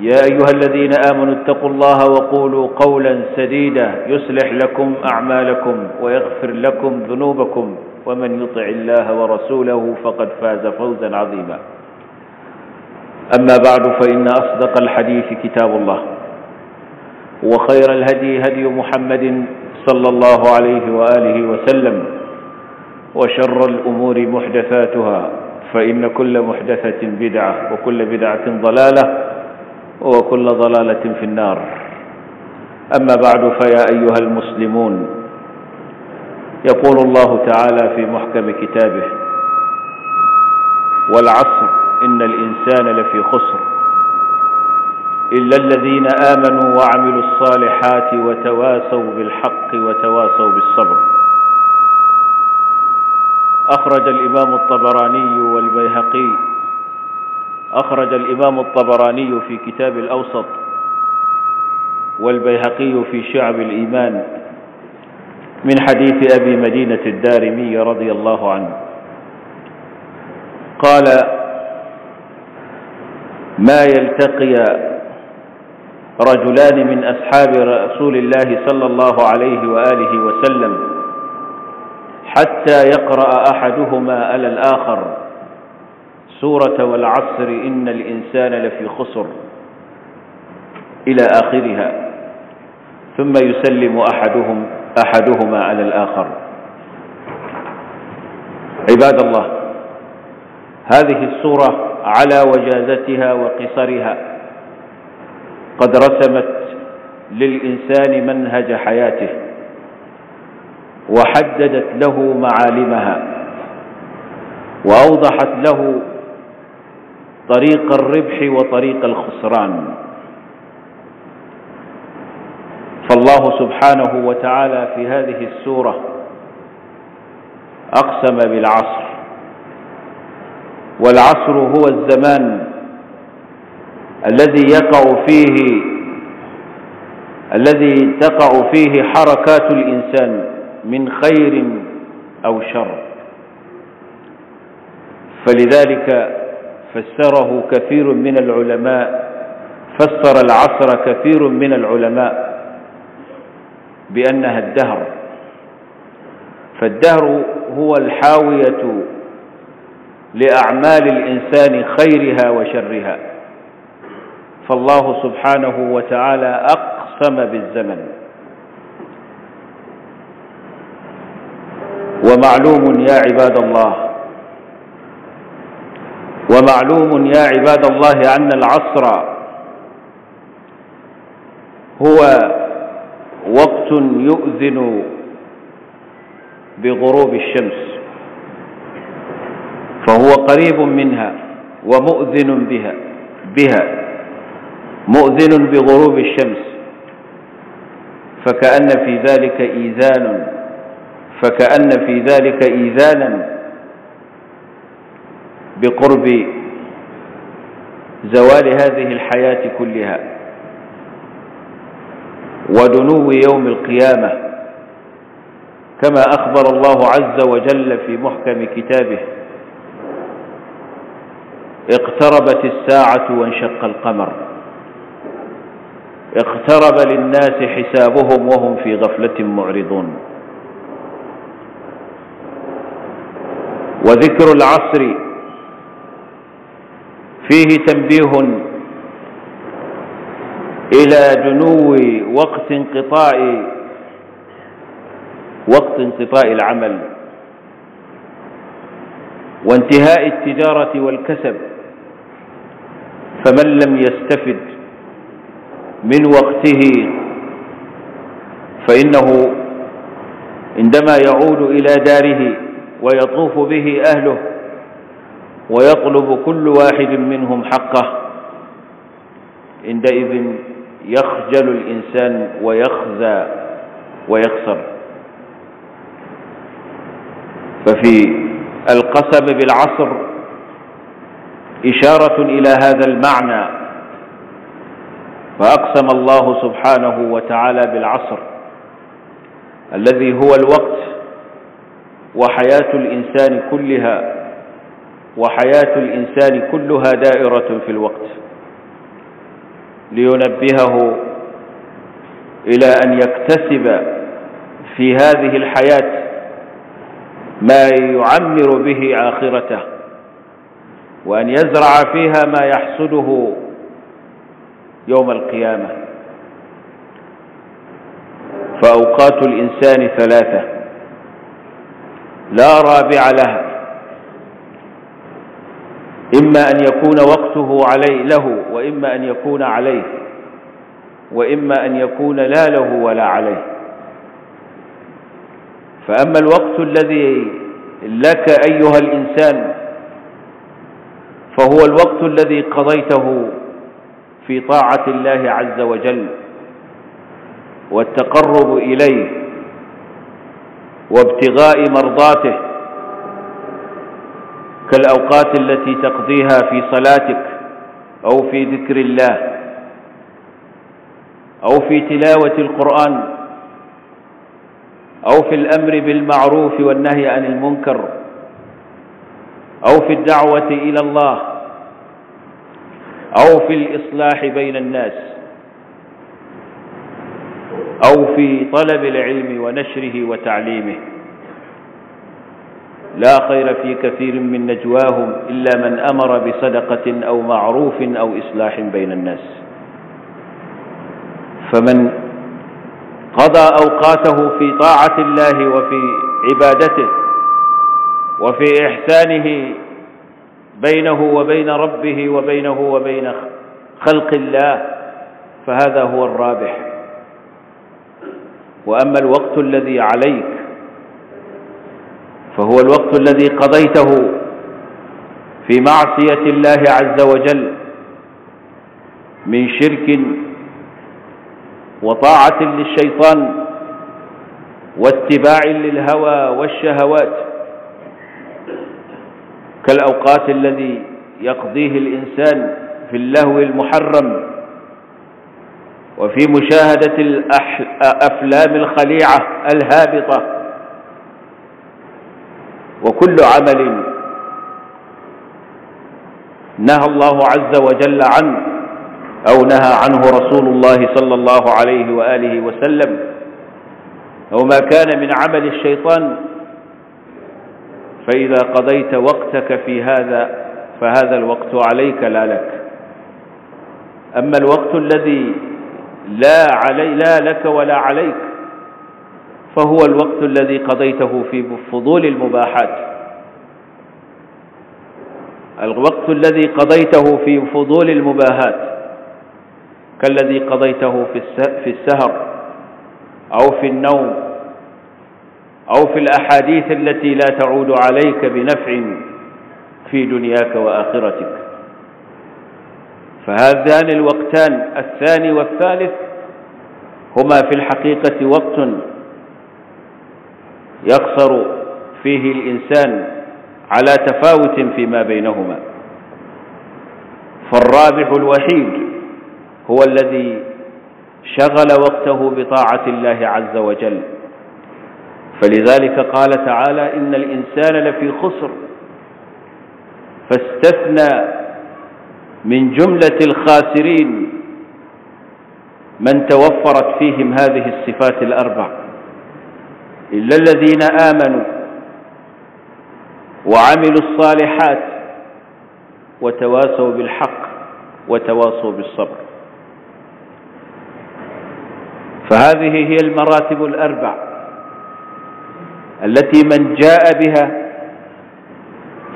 يا ايها الذين امنوا اتقوا الله وقولوا قولا سديدا يصلح لكم اعمالكم ويغفر لكم ذنوبكم ومن يطع الله ورسوله فقد فاز فوزا عظيما اما بعد فان اصدق الحديث كتاب الله وخير الهدي هدي محمد صلى الله عليه واله وسلم وشر الامور محدثاتها فان كل محدثه بدعه وكل بدعه ضلاله وكل ضلالة في النار أما بعد فيا أيها المسلمون يقول الله تعالى في محكم كتابه والعصر إن الإنسان لفي خسر إلا الذين آمنوا وعملوا الصالحات وتواسوا بالحق وتواسوا بالصبر أخرج الإمام الطبراني والبيهقي أخرج الإمام الطبراني في كتاب الأوسط والبيهقي في شعب الإيمان من حديث أبي مدينة الدارمي رضي الله عنه قال ما يلتقي رجلان من أصحاب رسول الله صلى الله عليه وآله وسلم حتى يقرأ أحدهما على الآخر سورة والعصر إن الإنسان لفي خسر إلى آخرها ثم يسلم أحدهم أحدهما على الآخر عباد الله هذه السورة على وجازتها وقصرها قد رسمت للإنسان منهج حياته وحددت له معالمها وأوضحت له طريق الربح وطريق الخسران فالله سبحانه وتعالى في هذه السورة أقسم بالعصر والعصر هو الزمان الذي يقع فيه الذي تقع فيه حركات الإنسان من خير أو شر فلذلك فسره كثير من العلماء فسر العصر كثير من العلماء بأنها الدهر فالدهر هو الحاوية لأعمال الإنسان خيرها وشرها فالله سبحانه وتعالى أقسم بالزمن ومعلوم يا عباد الله ومعلوم يا عباد الله أن العصر هو وقت يؤذن بغروب الشمس فهو قريب منها ومؤذن بها بها مؤذن بغروب الشمس فكأن في ذلك إيذان فكأن في ذلك إيذانا بقرب زوال هذه الحياة كلها ودنو يوم القيامة كما أخبر الله عز وجل في محكم كتابه اقتربت الساعة وانشق القمر اقترب للناس حسابهم وهم في غفلة معرضون وذكر العصر فيه تنبيه إلى دنو وقت انقطاع وقت انقطاع العمل وانتهاء التجارة والكسب فمن لم يستفد من وقته فإنه عندما يعود إلى داره ويطوف به أهله ويطلب كل واحد منهم حقه عندئذ يخجل الإنسان ويخزى ويخسر ففي القسم بالعصر إشارة إلى هذا المعنى فأقسم الله سبحانه وتعالى بالعصر الذي هو الوقت وحياة الإنسان كلها وحياة الإنسان كلها دائرة في الوقت لينبهه إلى أن يكتسب في هذه الحياة ما يعمر به آخرته وأن يزرع فيها ما يحصده يوم القيامة فأوقات الإنسان ثلاثة لا رابع لها إما أن يكون وقته عليه له وإما أن يكون عليه وإما أن يكون لا له ولا عليه فأما الوقت الذي لك أيها الإنسان فهو الوقت الذي قضيته في طاعة الله عز وجل والتقرب إليه وابتغاء مرضاته كالأوقات التي تقضيها في صلاتك أو في ذكر الله أو في تلاوة القرآن أو في الأمر بالمعروف والنهي عن المنكر أو في الدعوة إلى الله أو في الإصلاح بين الناس أو في طلب العلم ونشره وتعليمه لا خير في كثير من نجواهم إلا من أمر بصدقة أو معروف أو إصلاح بين الناس فمن قضى أوقاته في طاعة الله وفي عبادته وفي إحسانه بينه وبين ربه وبينه وبين خلق الله فهذا هو الرابح وأما الوقت الذي عليك فهو الوقت الذي قضيته في معصية الله عز وجل من شرك وطاعة للشيطان واتباع للهوى والشهوات كالأوقات الذي يقضيه الإنسان في اللهو المحرم وفي مشاهدة الأفلام الخليعة الهابطة وكل عمل نهى الله عز وجل عنه أو نهى عنه رسول الله صلى الله عليه وآله وسلم أو ما كان من عمل الشيطان فإذا قضيت وقتك في هذا فهذا الوقت عليك لا لك أما الوقت الذي لا, علي لا لك ولا عليك فهو الوقت الذي قضيته في فضول المباحات الوقت الذي قضيته في فضول المباهات كالذي قضيته في السهر أو في النوم أو في الأحاديث التي لا تعود عليك بنفع في دنياك وآخرتك فهذان الوقتان الثاني والثالث هما في الحقيقة وقت يقصر فيه الإنسان على تفاوت فيما بينهما فالرابح الوحيد هو الذي شغل وقته بطاعة الله عز وجل فلذلك قال تعالى إن الإنسان لفي خسر فاستثنى من جملة الخاسرين من توفرت فيهم هذه الصفات الأربع إلا الذين آمنوا وعملوا الصالحات وتواصوا بالحق وتواصوا بالصبر فهذه هي المراتب الأربع التي من جاء بها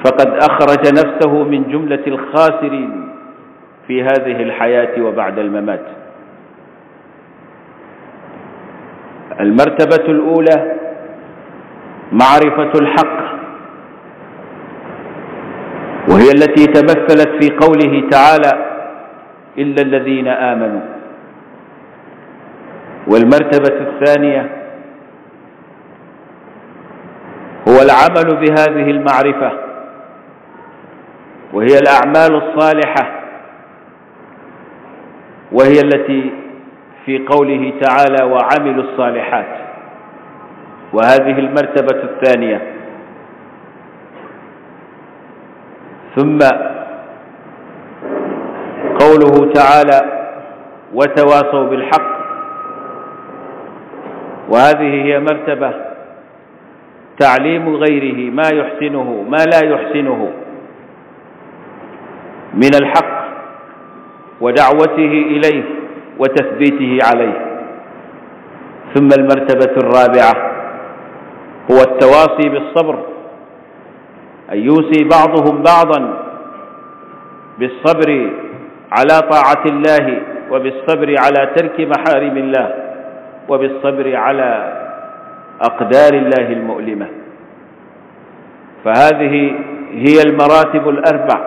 فقد أخرج نفسه من جملة الخاسرين في هذه الحياة وبعد الممات المرتبة الأولى معرفة الحق وهي التي تمثلت في قوله تعالى إلا الذين آمنوا والمرتبة الثانية هو العمل بهذه المعرفة وهي الأعمال الصالحة وهي التي في قوله تعالى وعملوا الصالحات وهذه المرتبة الثانية ثم قوله تعالى وتواصوا بالحق وهذه هي مرتبة تعليم غيره ما يحسنه ما لا يحسنه من الحق ودعوته إليه وتثبيته عليه ثم المرتبة الرابعة هو التواصي بالصبر أن يوصي بعضهم بعضا بالصبر على طاعة الله وبالصبر على ترك محارم الله وبالصبر على أقدار الله المؤلمة فهذه هي المراتب الأربع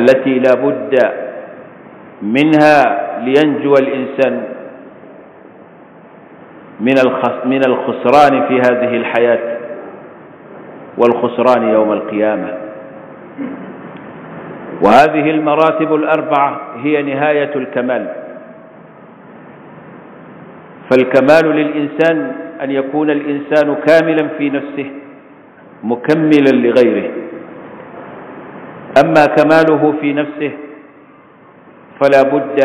التي لا بد منها لينجو الإنسان من من الخسران في هذه الحياة والخسران يوم القيامة وهذه المراتب الأربعة هي نهاية الكمال فالكمال للإنسان أن يكون الإنسان كاملا في نفسه مكملا لغيره أما كماله في نفسه فلا بد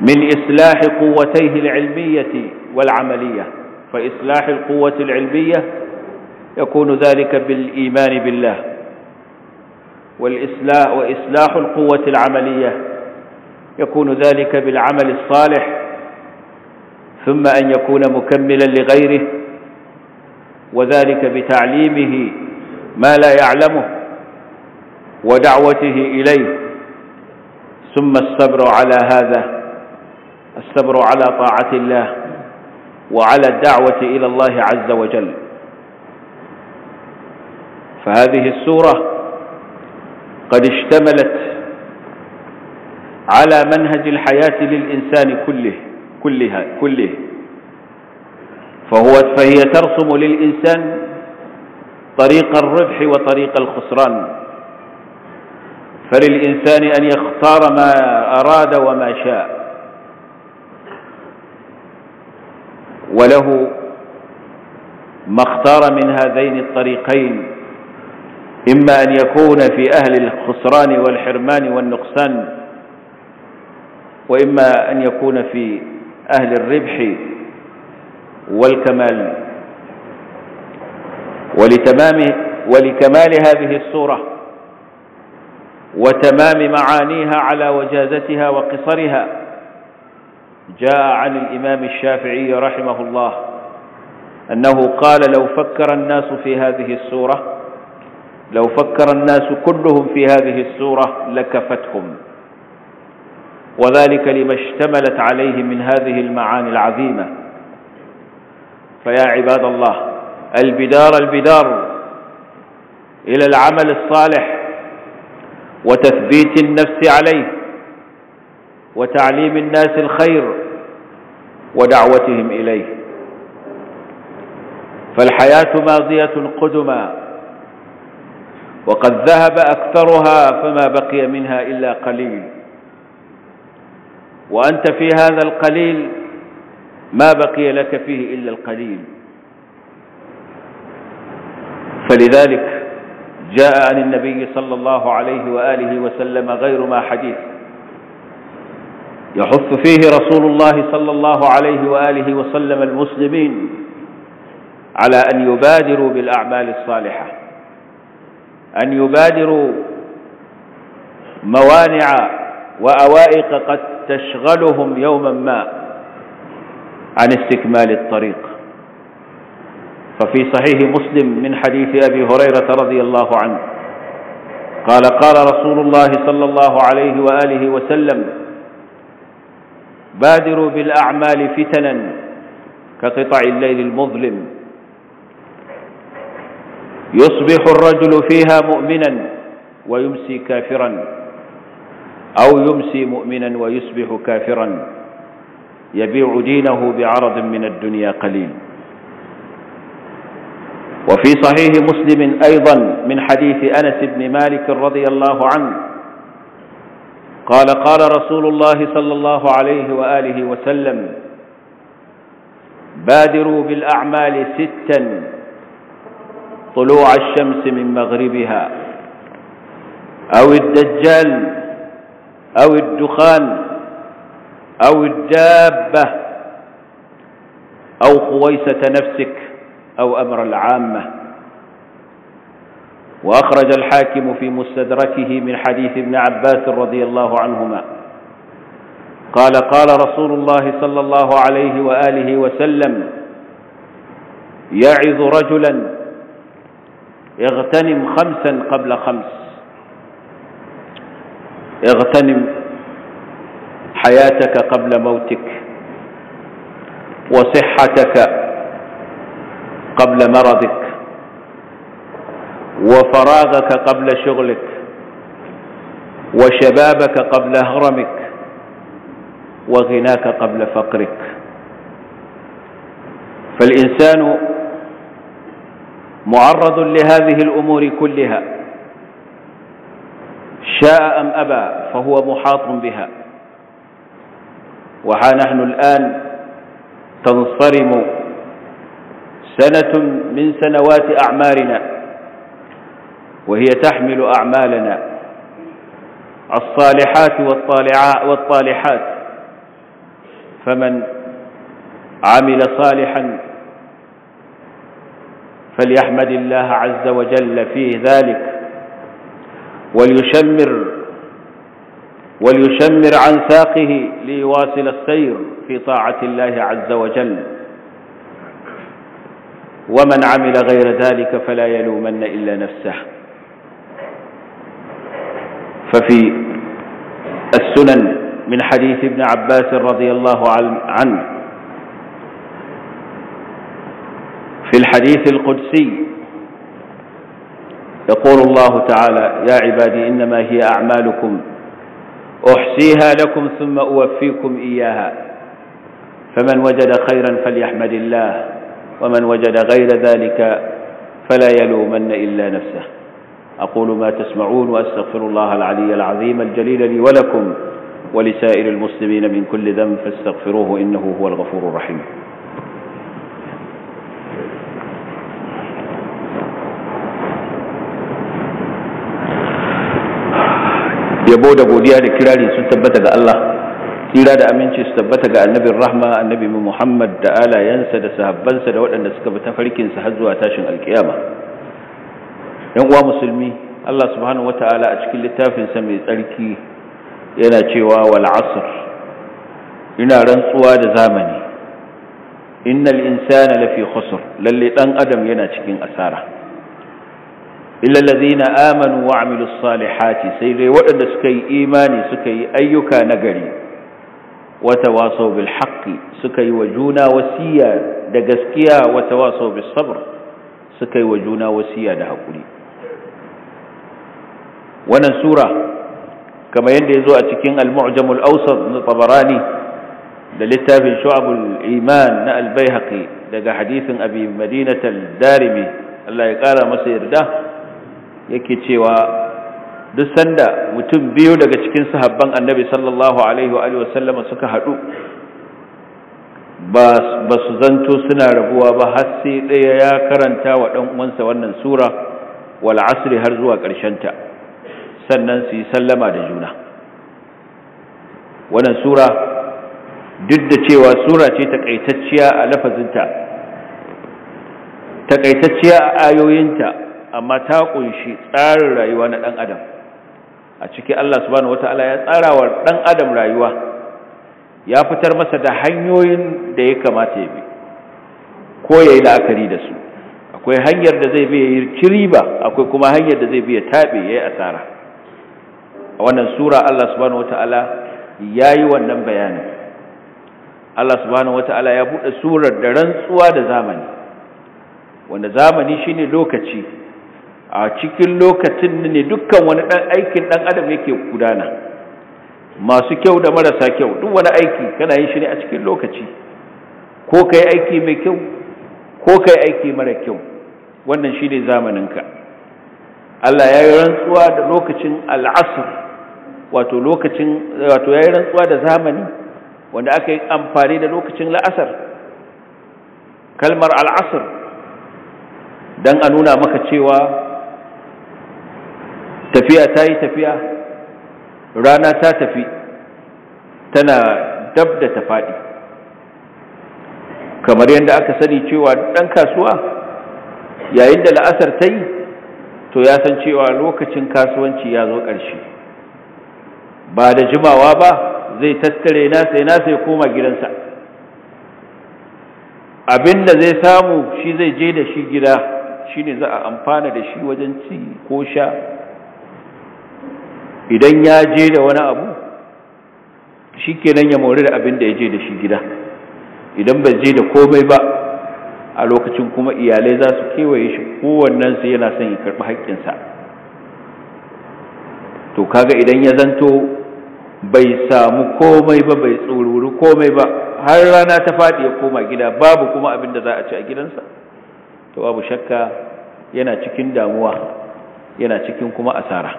من إصلاح قوتيه العلمية والعملية فإصلاح القوة العلمية يكون ذلك بالإيمان بالله والإصلاح وإصلاح القوة العملية يكون ذلك بالعمل الصالح ثم أن يكون مكملا لغيره وذلك بتعليمه ما لا يعلمه ودعوته إليه ثم الصبر على هذا الصبر على طاعة الله وعلى الدعوة إلى الله عز وجل فهذه السورة قد اشتملت على منهج الحياة للإنسان كله كلها كله فهو فهي ترسم للإنسان طريق الربح وطريق الخسران فللإنسان أن يختار ما أراد وما شاء وله ما اختار من هذين الطريقين إما أن يكون في أهل الخسران والحرمان والنقصان وإما أن يكون في أهل الربح والكمال ولتمام ولكمال هذه الصورة وتمام معانيها على وجازتها وقصرها جاء عن الإمام الشافعي رحمه الله أنه قال لو فكر الناس في هذه السورة لو فكر الناس كلهم في هذه السورة لكفتهم وذلك لما اشتملت عليه من هذه المعاني العظيمة فيا عباد الله البدار البدار إلى العمل الصالح وتثبيت النفس عليه وتعليم الناس الخير ودعوتهم إليه فالحياة ماضية قدما وقد ذهب أكثرها فما بقي منها إلا قليل وأنت في هذا القليل ما بقي لك فيه إلا القليل فلذلك جاء عن النبي صلى الله عليه وآله وسلم غير ما حديث يحث فيه رسول الله صلى الله عليه وآله وسلم المسلمين على أن يبادروا بالأعمال الصالحة أن يبادروا موانع وأوائق قد تشغلهم يوما ما عن استكمال الطريق ففي صحيح مسلم من حديث أبي هريرة رضي الله عنه قال قال رسول الله صلى الله عليه وآله وسلم بادروا بالأعمال فتنا كقطع الليل المظلم يصبح الرجل فيها مؤمنا ويمسي كافرا أو يمسي مؤمنا ويصبح كافرا يبيع دينه بعرض من الدنيا قليل وفي صحيح مسلم أيضا من حديث أنس بن مالك رضي الله عنه قال قال رسول الله صلى الله عليه واله وسلم بادروا بالاعمال ستا طلوع الشمس من مغربها او الدجال او الدخان او الدابه او خويسه نفسك او امر العامه وأخرج الحاكم في مستدركه من حديث ابن عباس رضي الله عنهما قال قال رسول الله صلى الله عليه وآله وسلم يعظ رجلا اغتنم خمسا قبل خمس اغتنم حياتك قبل موتك وصحتك قبل مرضك وفراغك قبل شغلك وشبابك قبل هرمك وغناك قبل فقرك فالإنسان معرض لهذه الأمور كلها شاء أم أبى فهو محاط بها وها نحن الآن تنصرم سنة من سنوات أعمارنا وهي تحمل أعمالنا الصالحات والطالحات فمن عمل صالحا فليحمد الله عز وجل فيه ذلك وليشمر وليشمر عن ساقه ليواصل السير في طاعة الله عز وجل ومن عمل غير ذلك فلا يلومن إلا نفسه ففي السنن من حديث ابن عباس رضي الله عنه في الحديث القدسي يقول الله تعالى يا عبادي إنما هي أعمالكم أحصيها لكم ثم أوفيكم إياها فمن وجد خيرا فليحمد الله ومن وجد غير ذلك فلا يلومن إلا نفسه أقول ما تسمعون وأستغفر الله العلي العظيم الجليل لي ولكم ولسائر المسلمين من كل ذنب فاستغفروه إنه هو الغفور الرحيم يبو دبو ديالي كرالي ستبت الله إرادة أمينشي ستبت دا النبي الرحمة النبي محمد دا آلا ينسى دا سهبانسى دا وقت أن سهزوا تاشن الكيامة yan uwa musulmi Allah subhanahu wataala a cikin littafinsa mai tsarki yana cewa wal asr ina rantsuwa da zamani innal insana lafi khusr lalle dan adam yana cikin asara illa allazina amanu wa amilus salihati sai dai waɗanda suka yi imani suka yi ayyuka nagari wa tawasaw bil suka yi wa juna wasiya da gaskiya wa sabr suka yi wa juna wasiya da haƙuri. wannan sura kamar yadda ya zo a cikin al-mu'jamul awsat na tabarani da littafin shu'abul iman na al daga hadisin abi madinat al-darimi Allah ya kara masa yarda yake cewa duk sanda mutum biyu daga cikin sahabban annabi sallallahu alaihi wa alihi suka hadu ba su zanto suna rabuwa ba har sai ɗaya ya karanta wa ɗan uwansa wannan sura wal asri har zuwa ƙarshen ta sannan su yi sallama da juna wannan sura duk da cewa sura ce takaitacciya a lafazinta takaitacciya a ayoyinta amma ta kunshi tsarin rayuwa na ɗan adam a ciki Allah subhanahu wata'ala ya tsara wa ɗan adam rayuwa ya fitar masa da hanyoyin da ya kamata ya bi ko ya yi la'akari da su akwai hanyar da zai bi ya yi riba akwai kuma hanyar da zai bi ya taɓe ya yi asara a wannan sura Allah subhanahu wata'ala yi wannan bayanin Allah subhanahu wata'ala ya buɗe surar da rantsuwa da zamani wanda zamani shine lokaci a cikin lokacin ne dukkan wani dan aikin dan adam yake gudana masu kyau da marasa kyau duk wani aiki kana yin shi ne a cikin lokaci ko kai aiki mai kyau ko kai aiki mara kyau wannan shine ka. Allah ya yi rantsuwa da lokacin al'asr wato lokacin wato yayi rantsuwa da zamani wanda aka yi amfani da lokacin la'asar kalmar al'asr dan a nuna maka cewa tafiya ta yi tafiya rana ta tafi tana dab da ta faɗi kamar yadda aka sani cewa ɗan kasuwa yayin da la'asar ta yi to ya san cewa lokacin kasuwanci ya zo ƙarshe ba da jimawa ba zai tattare nasa ya nasa ya koma gidansa abin da zai samu shi zai je da shi gida shi ne za a amfana da shi wajen ci ko sha idan ya je da wani abu shi kenan ya mori da abin da ya je da shi gida idan bai je da komai ba a lokacin kuma iyalai za su kewaye shi kowannensu yana son ya karɓi haƙƙinsa to kaga idan ya zanto bai samu komai ba bai tsururu komai ba har rana ta faɗi ya koma gida babu kuma abin da za a ci a gidansa to babu shakka yana cikin damuwa yana cikin kuma asara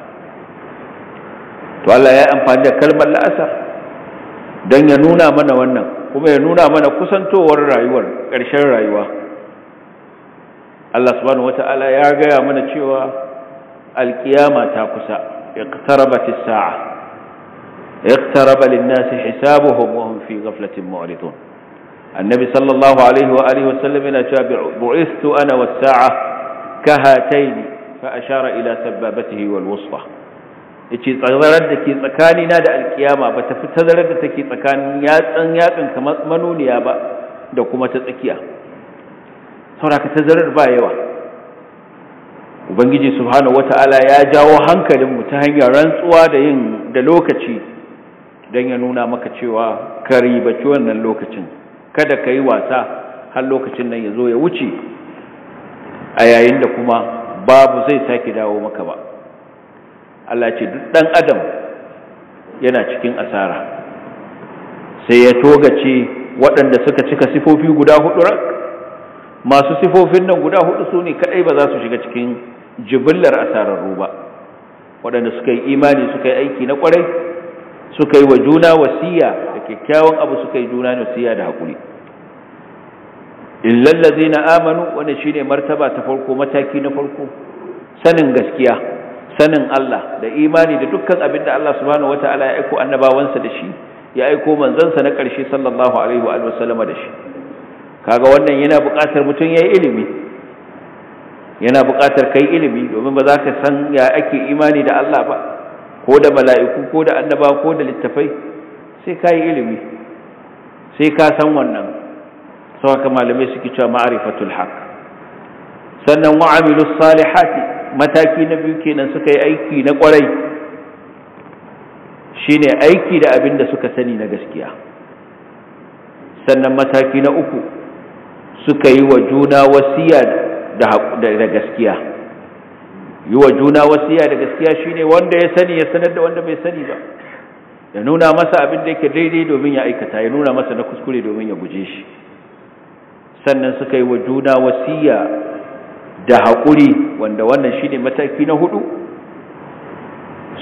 to Allah ya amfani da kalmar la'asar don ya nuna mana wannan kuma ya nuna mana kusantowar rayuwar ƙarshen rayuwa Allah subhanahu wata'ala ya gaya mana cewa alkiyama ta kusa iqtarabatis sa'a اقترب للناس حسابهم وهم في غفلة معرضون النبي صلى الله عليه وآله وسلم بعثت أنا والساعة كهاتين فأشار إلى سبابته والوسطى yace tsazarar da ke tsakani na da alkiyama ba ta fi tazarar da take tsakanin yatsan yatsan kamar ba da kuma ta tsakiya sauraka tazarar ba yawa ubangiji subhanahu ya jawo hankalin mu ta hanyar rantsuwa da yin da lokaci don ya nuna maka cewa ka ci wannan lokacin kada ka yi wasa har lokacin nan ya zo ya wuce a yayin da kuma babu zai sake dawo maka ba Allah ce duk ɗan adam yana cikin asara sai ya togace waɗanda suka cika sifofi guda hudu rak masu sifofin nan guda hudu su ne kaɗai ba za su shiga cikin jibillar asararru ba waɗanda suka yi imani suka yi aiki na ƙwarai suka yi wa juna wasiya da kyakkyawan abu suka yi juna wasiya da haƙuri illal na amanu wannan shine martaba ta farko mataki na farko sanin gaskiya sanin Allah da imani da dukkan abin da Allah subhanahu wataala ya aiko annabawansa da shi ya aiko manzansa na ƙarshe sallallahu alaihi wa sallama da shi kaga wannan yana buƙatar mutum yayi ilimi yana buƙatar kai ilimi domin ba za ka san ya ake imani da Allah ba ko da mala'iku ko da annaba ko da littafai sai ka yi ilimi sai ka san wannan sau haka malamai suke cewa ma'arifatul haq sannan amilu salihati mataki na biyu kenan suka yi aiki na kwarai shine aiki da abin da suka sani na gaskiya sannan mataki na uku suka yi wa juna wasiya da gaskiya yi wa juna wasiya da gaskiya shine wanda ya sani ya sanar da wanda bai sani ba ya nuna masa abin da yake daidai domin ya aikata ya nuna masa na kuskure domin ya guje shi sannan suka yi wa juna wasiya da haƙuri wanda wannan shine mataki na hudu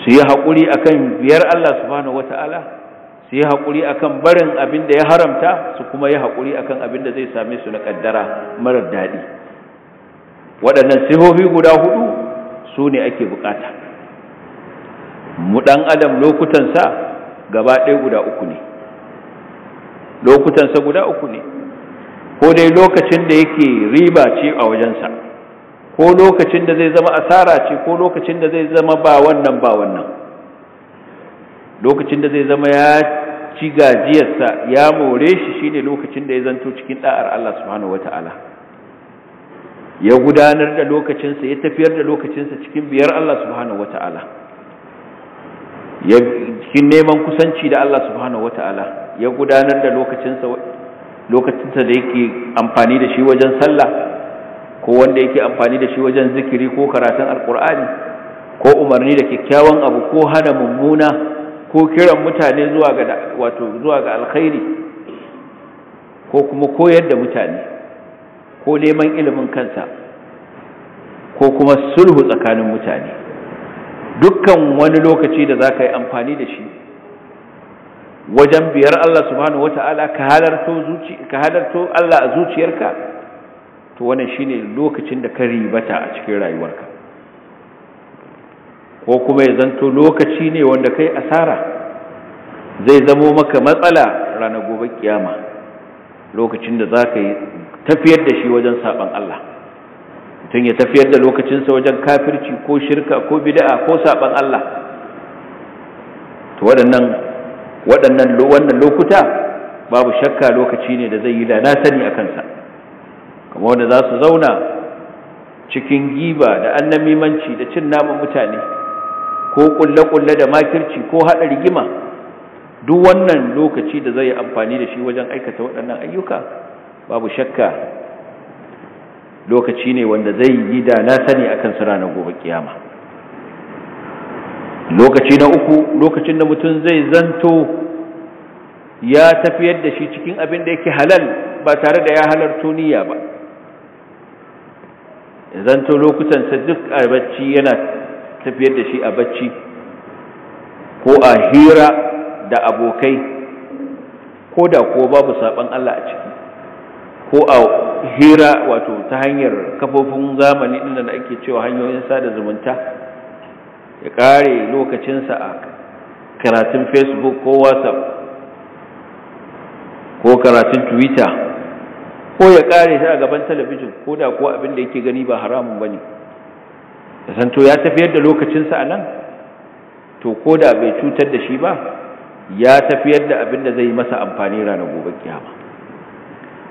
su yi haƙuri akan biyar Allah subhanahu wata'ala su yi haƙuri akan barin abin da ya haramta su kuma yi haƙuri akan abin da zai same su na kaddara marar daɗi waɗannan sihohi guda hudu su ne ake bukata mu ɗan adam lokutansa gaba ɗaya guda uku ne lokutansa guda uku ne ko dai lokacin da yake riba ce a wajensa ko lokacin da zai zama asara ce ko lokacin da zai zama ba wannan ba wannan lokacin da zai zama ya ci gajiyarsa ya more shi shine lokacin da ya zanto cikin da'ar Allah subhanahu wataala ya gudanar da lokacinsa ya tafiyar da lokacinsa cikin biyar Allah subhanahu wata'ala ya cikin neman kusanci da Allah subhanahu wata'ala ya gudanar da lokacinsa lokacinsa da yake amfani da shi wajen sallah ko wanda yake amfani da shi wajen zikiri ko karatun alkur'ani ko umarni da kyakkyawan abu ko hana mummuna ko kiran mutane zuwa ga wato zuwa ga alkhairi ko kuma koyar da mutane ko neman ilimin kansa ko kuma sulhu tsakanin mutane dukkan wani lokaci da za ka yi amfani da shi wajen biyar Allah subhanahu wata'ala ka halarto Allah a zuciyarka to wannan shine lokacin da ka ribata a cikin rayuwarka ko kuma ya zanto lokaci ne wanda kai asara zai zamo maka matsala ranar gobe kiyama lokacin da za ka yi tafiyar da shi wajen saban Allah mutum ya tafiyar da lokacinsa wajen kafirci ko shirka ko bida'a ko saban Allah to waɗannan waɗannan wannan lokuta babu shakka lokaci ne da zai yi da na sani a kansa kamar wanda za su zauna cikin giba da annamimanci da cin naman mutane ko kulle-kulle da makirci ko haɗa rigima duk wannan lokaci da zai yi amfani da shi wajen aikata waɗannan ayyuka babu shakka lokaci ne wanda zai yi da na sani akan su ranar gobe kiyama lokaci na uku lokacin da mutum zai zanto ya tafiyar da shi cikin abin da yake halal ba tare da ya halarto tuniya ba zanto lokutansa duk a bacci yana tafiyar da shi a bacci ko a hira da abokai ko da ko babu saban Allah a ciki ko a hira wato ta hanyar kafofin zamani inda da ake cewa hanyoyin sada zumunta ya kare lokacinsa a karatun facebook ko whatsapp ko karatun twitter ko ya kare shi a gaban talabijin ko da ko abin da yake gani ba haramun ba ne to ya tafiyar da lokacinsa a nan to ko da bai cutar da shi ba ya tafiyar da abin da zai masa amfani ranar gobe kiyama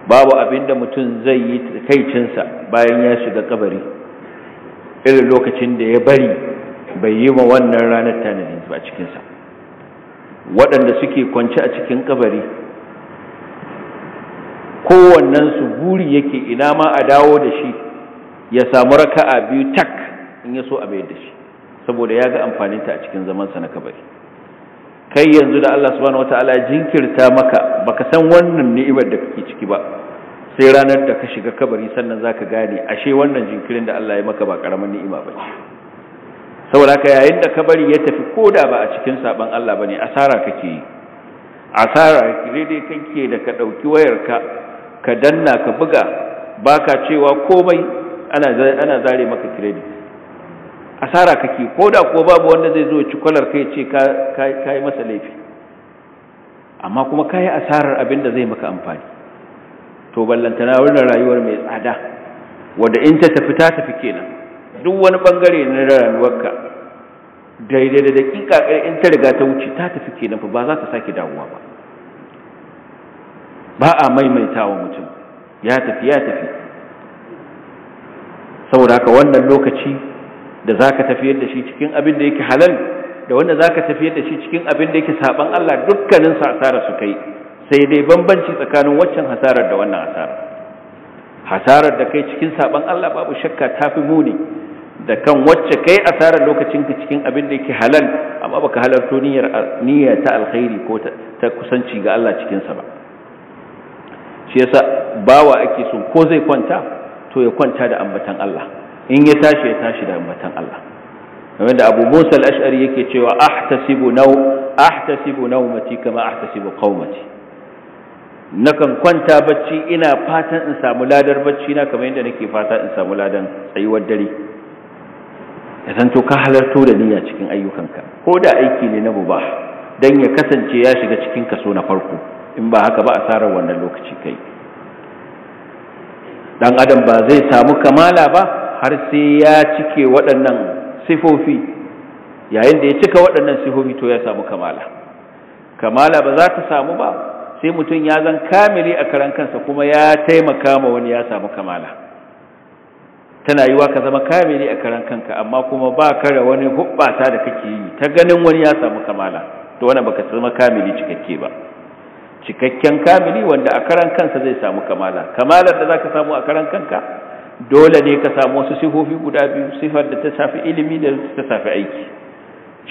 babu abin da mutum zai yi kaicinsa bayan ya shiga kabari irin lokacin da ya bari bai yi ma wannan ranar tanadin ba cikinsa waɗanda suke kwanci a cikin kabari su buri yake ina ma a dawo da shi ya samu raka'a biyu tak in ya so a bayar da shi saboda ya ga amfaninta a cikin zamansa na kabari kai yanzu da Allah subhanahu wataala ya jinkirta maka baka san wannan ni'imar da kake ciki ba sai ranar da ka shiga kabari sannan zaka gane ashe wannan jinkirin da Allah ya maka ba karamin ni'ima bace saboda haka yayin da kabari ya tafi koda ba a cikin saban Allah bane asara kake yi asara daidai kake da ka dauki wayarka ka danna ka buga baka cewa komai ana ana zare maka credit asara kake ko da kuwa babu wanda zai zo ci kwalar kai ce ka yi masa laifi amma kuma ka yi asarar abin da zai maka amfani to ballantana wurin rayuwar mai tsada wadda in ta tafi ta tafi kenan duk wani bangare na rayuwarka daidai da daƙiƙa in ta riga ta wuce ta tafi kenan ba za ta sake dawowa ba ba a maimaita mutum ya tafi ya tafi saboda haka wannan lokaci da za ka tafiyar da shi cikin abin da yake halal da wanda za ka tafiyar da shi cikin abin da yake saban Allah dukkanin su asara su kai sai dai bambanci tsakanin waccan hasarar da wannan hasara hasarar da kai cikin saban Allah babu shakka tafi muni da kan wacce kai asarar lokacin ka cikin abin da yake halal amma baka halarto niyyar niyya ta alkhairi ko ta kusanci ga Allah cikin sa ba shi yasa bawa ake so ko zai kwanta to ya kwanta da ambatan Allah in ya tashi ya tashi da ummatan Allah kamar da Abu Musa al-Ash'ari yake cewa ahtasibu naw ahtasibu nawmati kama ahtasibu qaumati nakan kwanta bacci ina fatan in samu ladar bacci na kamar yadda nake fata in samu ladan tsayuwar dare ya to ka halarto da niyya cikin ayyukanka ko da aiki ne na Buba dan ya kasance ya shiga cikin kaso na farko in ba haka ba asarar wannan lokaci kai dan adam ba zai samu kamala ba har sai ya cike waɗannan sifofi yayin da ya cika waɗannan sifofi to ya samu kamala kamala ba za ta samu ba sai mutum ya zan kamili a karan kansa kuma ya taimaka ma wani ya samu kamala tana yiwa ka zama kamili a karan kanka amma kuma ba ka da wani huɓata da kake yi ta ganin wani ya samu kamala to wannan baka zama kamili cikakke ba cikakken kamili wanda a karan kansa zai samu kamala kamalar da zaka samu a karan kanka dole ne ka samu wasu sifofi guda biyu sifar da ta shafi ilimi da ta shafi aiki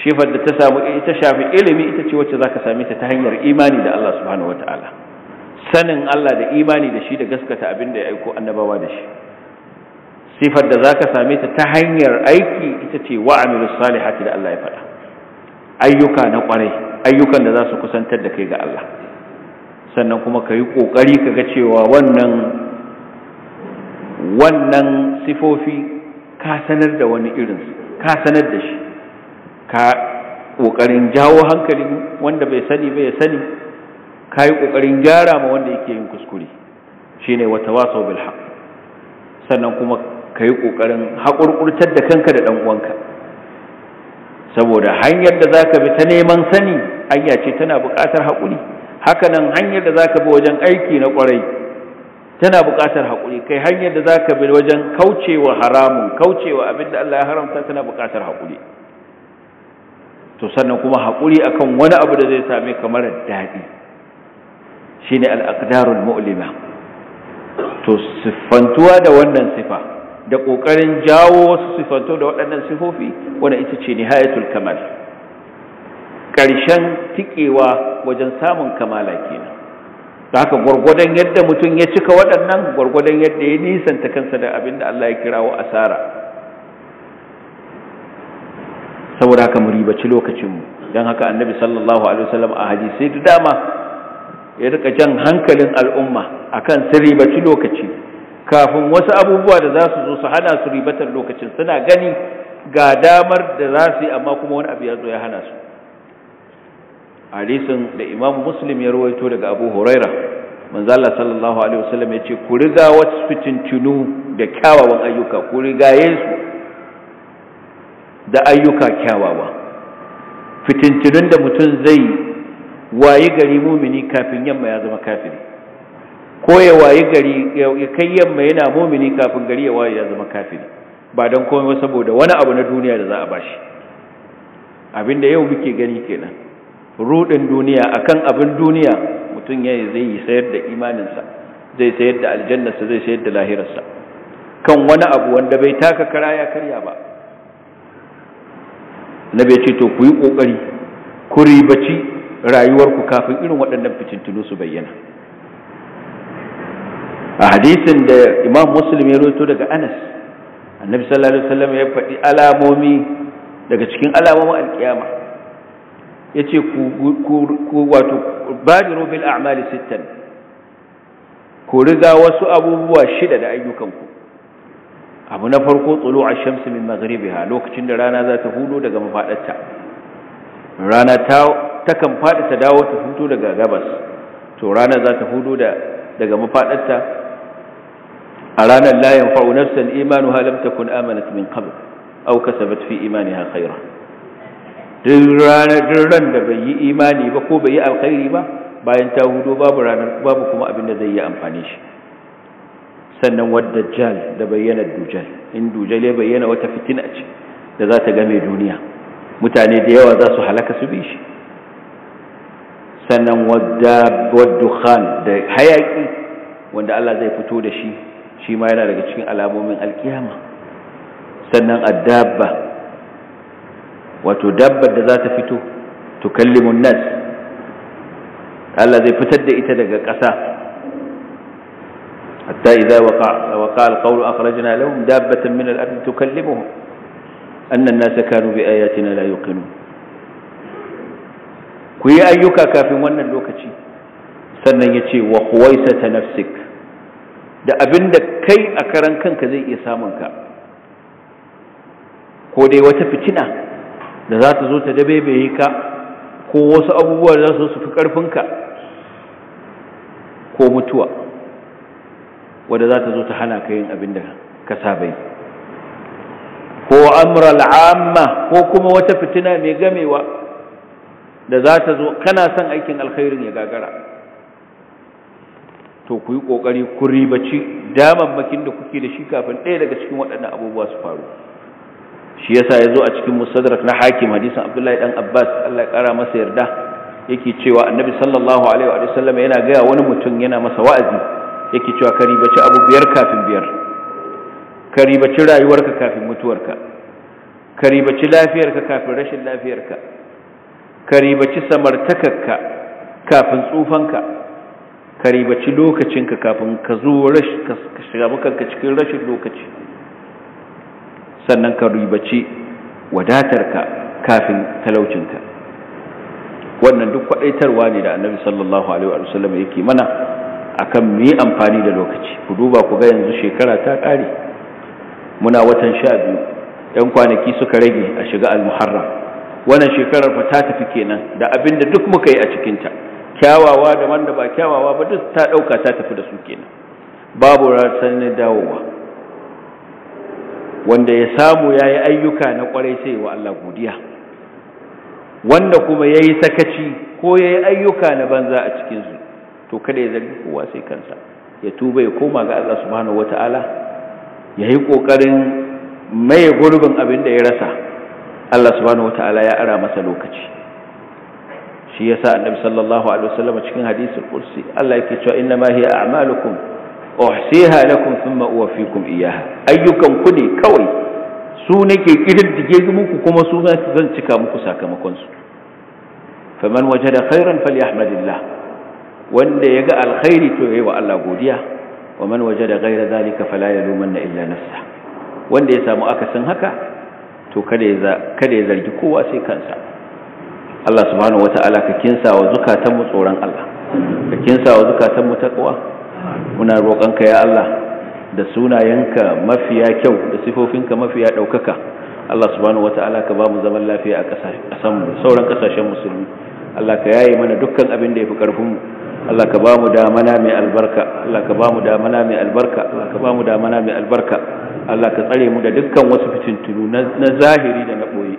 sifar da ta samu ita shafi ilimi ita ce wacce zaka same ta ta hanyar imani da Allah subhanahu wataala sanin Allah da imani da shi da gaskata abin da ya aiko annabawa da shi sifar da zaka same ta ta hanyar aiki ita ce wa salihati da Allah ya faɗa ayyuka na kwarai ayyukan da za su kusantar da kai ga Allah sannan kuma ka yi ƙoƙari ka ga cewa wannan wannan sifofi ka sanar da wani irin ka sanar da shi ka ƙoƙarin jawo hankalin wanda bai sani bai sani ka yi ƙoƙarin gyara ma wanda yake yin kuskure shi ne wata wasau bil haq sannan kuma ka yi ƙoƙarin haƙurƙurtar da kanka da uwanka. saboda hanyar da za ka bi ta neman sani hanya ce tana buƙatar haƙuri hakanan hanyar da za ka bi wajen aiki na ƙwarai tana buƙatar haƙuri kai hanyar da za ka bi wajen kaucewa haramun kaucewa abin da Allah ya haramta tana buƙatar haƙuri to sannan kuma haƙuri akan wani abu da zai same ka mara daɗi shine al-aqdarul mu'lima to siffantuwa da wannan sifa da ƙoƙarin jawo wasu siffantu da waɗannan sifofi wanda ita ce nihayatul kamal ƙarshen tikewa wajen samun kamala kenan da haka gwargwadon yadda mutum ya cika waɗannan gwargwadon yadda ya nisanta kansa da abin da Allah ya kirawo asara saboda haka mu ribaci lokacinmu don haka annabi sallallahu alaihi wasallam a hadisi da dama ya rika jan hankalin al'umma akan su ribaci lokaci kafin wasu abubuwa da za su zo su hana su ribatar lokacin suna gani ga damar da za su yi amma kuma wani abu ya zo ya hana su hadisin da Imam Muslim ya rawaito daga Abu Huraira manzo Allah sallallahu alaihi wasallam yace ku riga wasu fitintunu da kyawawan ayyuka ku riga su da ayyuka kyawawa fitintunun da mutum zai wayi gari mumini kafin yamma ya zama kafiri ko ya wayi gari ya kai yamma yana mumini kafin gari ya waye ya zama kafiri ba don komai saboda wani abu na duniya da za a bashi abinda yau muke gani kenan rudin duniya akan abin duniya mutum yayi zai yi sayar da imaninsa zai sayar da aljannarsa zai sayar da lahirarsa kan wani abu wanda bai taka kara ya karya ba na bai ce to ku yi ƙoƙari, ku ribaci rayuwarku kafin irin waɗannan fitintunu su bayyana a hadisin da imam muslim ya roto daga anas annabi sallallahu alaihi wasallam ya faɗi alamomi daga cikin alamomin alkiyama yace ku wato badiru bil a'mali sittan ku riga wasu abubuwa shida da ayyukanku abu na farko tsulu a shamsu min maghribiha lokacin da rana za ta hudo daga mafadarta rana ta takan faɗi ta dawo ta hudo daga gabas to rana za ta hudo da daga mafadarta a ranar la yanfa'u nafsan imanuha lam takun amanat min qabl aw kasabat fi imaniha khayran duk ranar da bai yi imani ba ko bai yi alkhairi ba bayan ta hudo babu ranar babu kuma abin da zai yi amfani shi sannan wadda jal da bayyana dujal in dujal ya bayyana wata fitina ce da za ta game duniya mutane da yawa za su halaka su bi shi sannan wadda waddukhan da hayaki wanda Allah zai fito da shi shi ma yana daga cikin alamomin alkiyama sannan addabba wato dabbar da za ta fito tukallimun nas Allah zai fitar da ita daga ƙasa hatta idza waqa al-qawlu akhrajna lahum dabbatan min al-ard tukallimuhum anna an-nasa kanu bi ayatina la yuqinu ku yi ayyuka kafin wannan lokaci sannan yace ce wa kuwaisata nafsik da abinda kai a karan kanka zai iya samun ka ko dai wata fitina da za ta zo ta dabebe ka ko wasu abubuwa da za su fi ƙarfinka ko mutuwa wadda za ta zo ta hana ka yin abin da ka saba yi ko amura amma ko kuma wata fitina mai gamewa da za ta zo kana son aikin alkhairin ya gagara to ku yi ƙoƙari ku ribaci damammakin da kuke da shi kafin ɗaya daga cikin waɗannan abubuwa su faru shi yasa ya zo a cikin musadrak na hakim hadisin abdullahi dan abbas allah ya kara masa yarda yake cewa annabi sallallahu alaihi wa sallam yana gaya wani mutum yana masa wa'azi yake cewa kari bace abu biyar kafin biyar ka ribaci rayuwarka kafin mutuwarka ka ribaci lafiyarka kafin rashin lafiyarka ka ribaci samartakarka kafin tsufanka ka ribaci lokacinka kafin ka zo ka shiga kanka cikin rashin lokaci sannan ka wadatar ka kafin talaucinka wannan duk kwadaitarwa ne da annabi sallallahu alaihi wa sallam yake mana akan mu amfani da lokaci ku duba ku ga yanzu shekara ta kare muna watan sha biyu yan kwanaki suka rage a shiga al-muharram wannan shekarar fa ta tafi kenan da abinda duk muka yi a cikinta kyawawa da wanda ba kyawawa ba duk ta dauka ta tafi da su kenan babu ranar dawowa wanda ya samu ya yi ayyuka na kwarai sai wa Allah godiya wanda kuma ya yi sakaci ko ya yi ayyuka na banza a cikinsu to kada ya zargi kowa sai kansa ya tuba ya koma ga Allah subhanahu ta'ala ya yi ƙoƙarin mai gurbin abin da ya rasa Allah subhanahu ta'ala ya ara masa lokaci shi yasa annabi sallallahu alaihi wasallam cikin hadisul kursi Allah yake cewa inna ma hiya a'malukum uhsiha lakum thumma uwaffikum iyyaha ayyukan ku ne kawai su nake kididdige muku kuma su zan cika muku sakamakon su faman wajada khairan falyahmadillah wanda yaga alkhairi to yayi wa Allah godiya wa man wajada ghaira zalika fala yalumanna illa nafsa wanda ya samu akasin haka to kada ya kada ya zargi kowa sai kansa Allah subhanahu wata'ala ka kinsa wa zukatan mu tsoron Allah ka kinsa wa zukatan mu taqwa muna roƙonka ya Allah da sunayenka mafiya kyau da sifofinka mafiya ɗaukaka Allah subhanahu wata'ala ka ba mu zaman lafiya a ƙasarmu sauran ƙasashen musulmi Allah ka yaye mana dukkan abin da ya fi ƙarfinmu Allah ka ba mu damana mai albarka Allah ka ba mu damana mai albarka Allah ka ba mu damana mai albarka Allah ka tsare mu da dukkan wasu fitintunu na zahiri da na ɓoye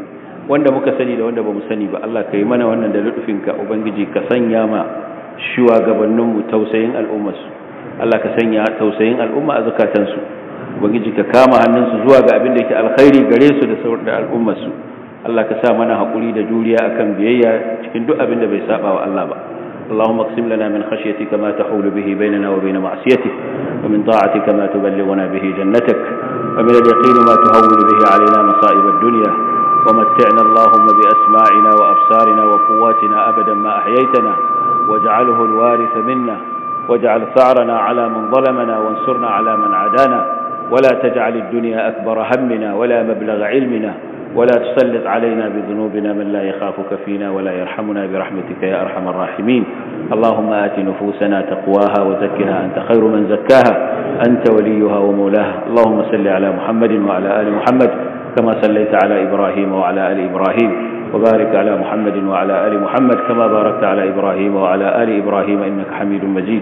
wanda muka sani da wanda ba mu sani ba Allah ka yi mana wannan da lutufinka ubangiji ka sanya ma shugabanninmu tausayin al'ummarsu Allah ka sanya tausayin al'umma a zakatansu ubangiji ka kama hannunsu zuwa ga abin da yake alkhairi gare su da sauran al'umma su Allah ka sa mana hakuri da juriya akan biyayya cikin duk abin da bai saba wa Allah ba اللهم اقسم لنا من خشيتك ما تحول به بيننا وبين معصيتك ومن طاعتك ما تبلغنا به جنتك ومن اليقين ما تهون به علينا مصائب الدنيا ومتعنا اللهم بأسماعنا وأبصارنا وقواتنا أبدا ما أحييتنا واجعله الوارث منا واجعل ثارنا على من ظلمنا وانصرنا على من عادانا ولا تجعل الدنيا أكبر همنا ولا مبلغ علمنا ولا تسلط علينا بذنوبنا من لا يخافك فينا ولا يرحمنا برحمتك يا أرحم الراحمين اللهم آت نفوسنا تقواها وزكها أنت خير من زكاها أنت وليها ومولاها اللهم صل على محمد وعلى آل محمد كما صليت على إبراهيم وعلى آل إبراهيم وبارك على محمد وعلى آل محمد كما باركت على إبراهيم وعلى آل إبراهيم إنك حميد مجيد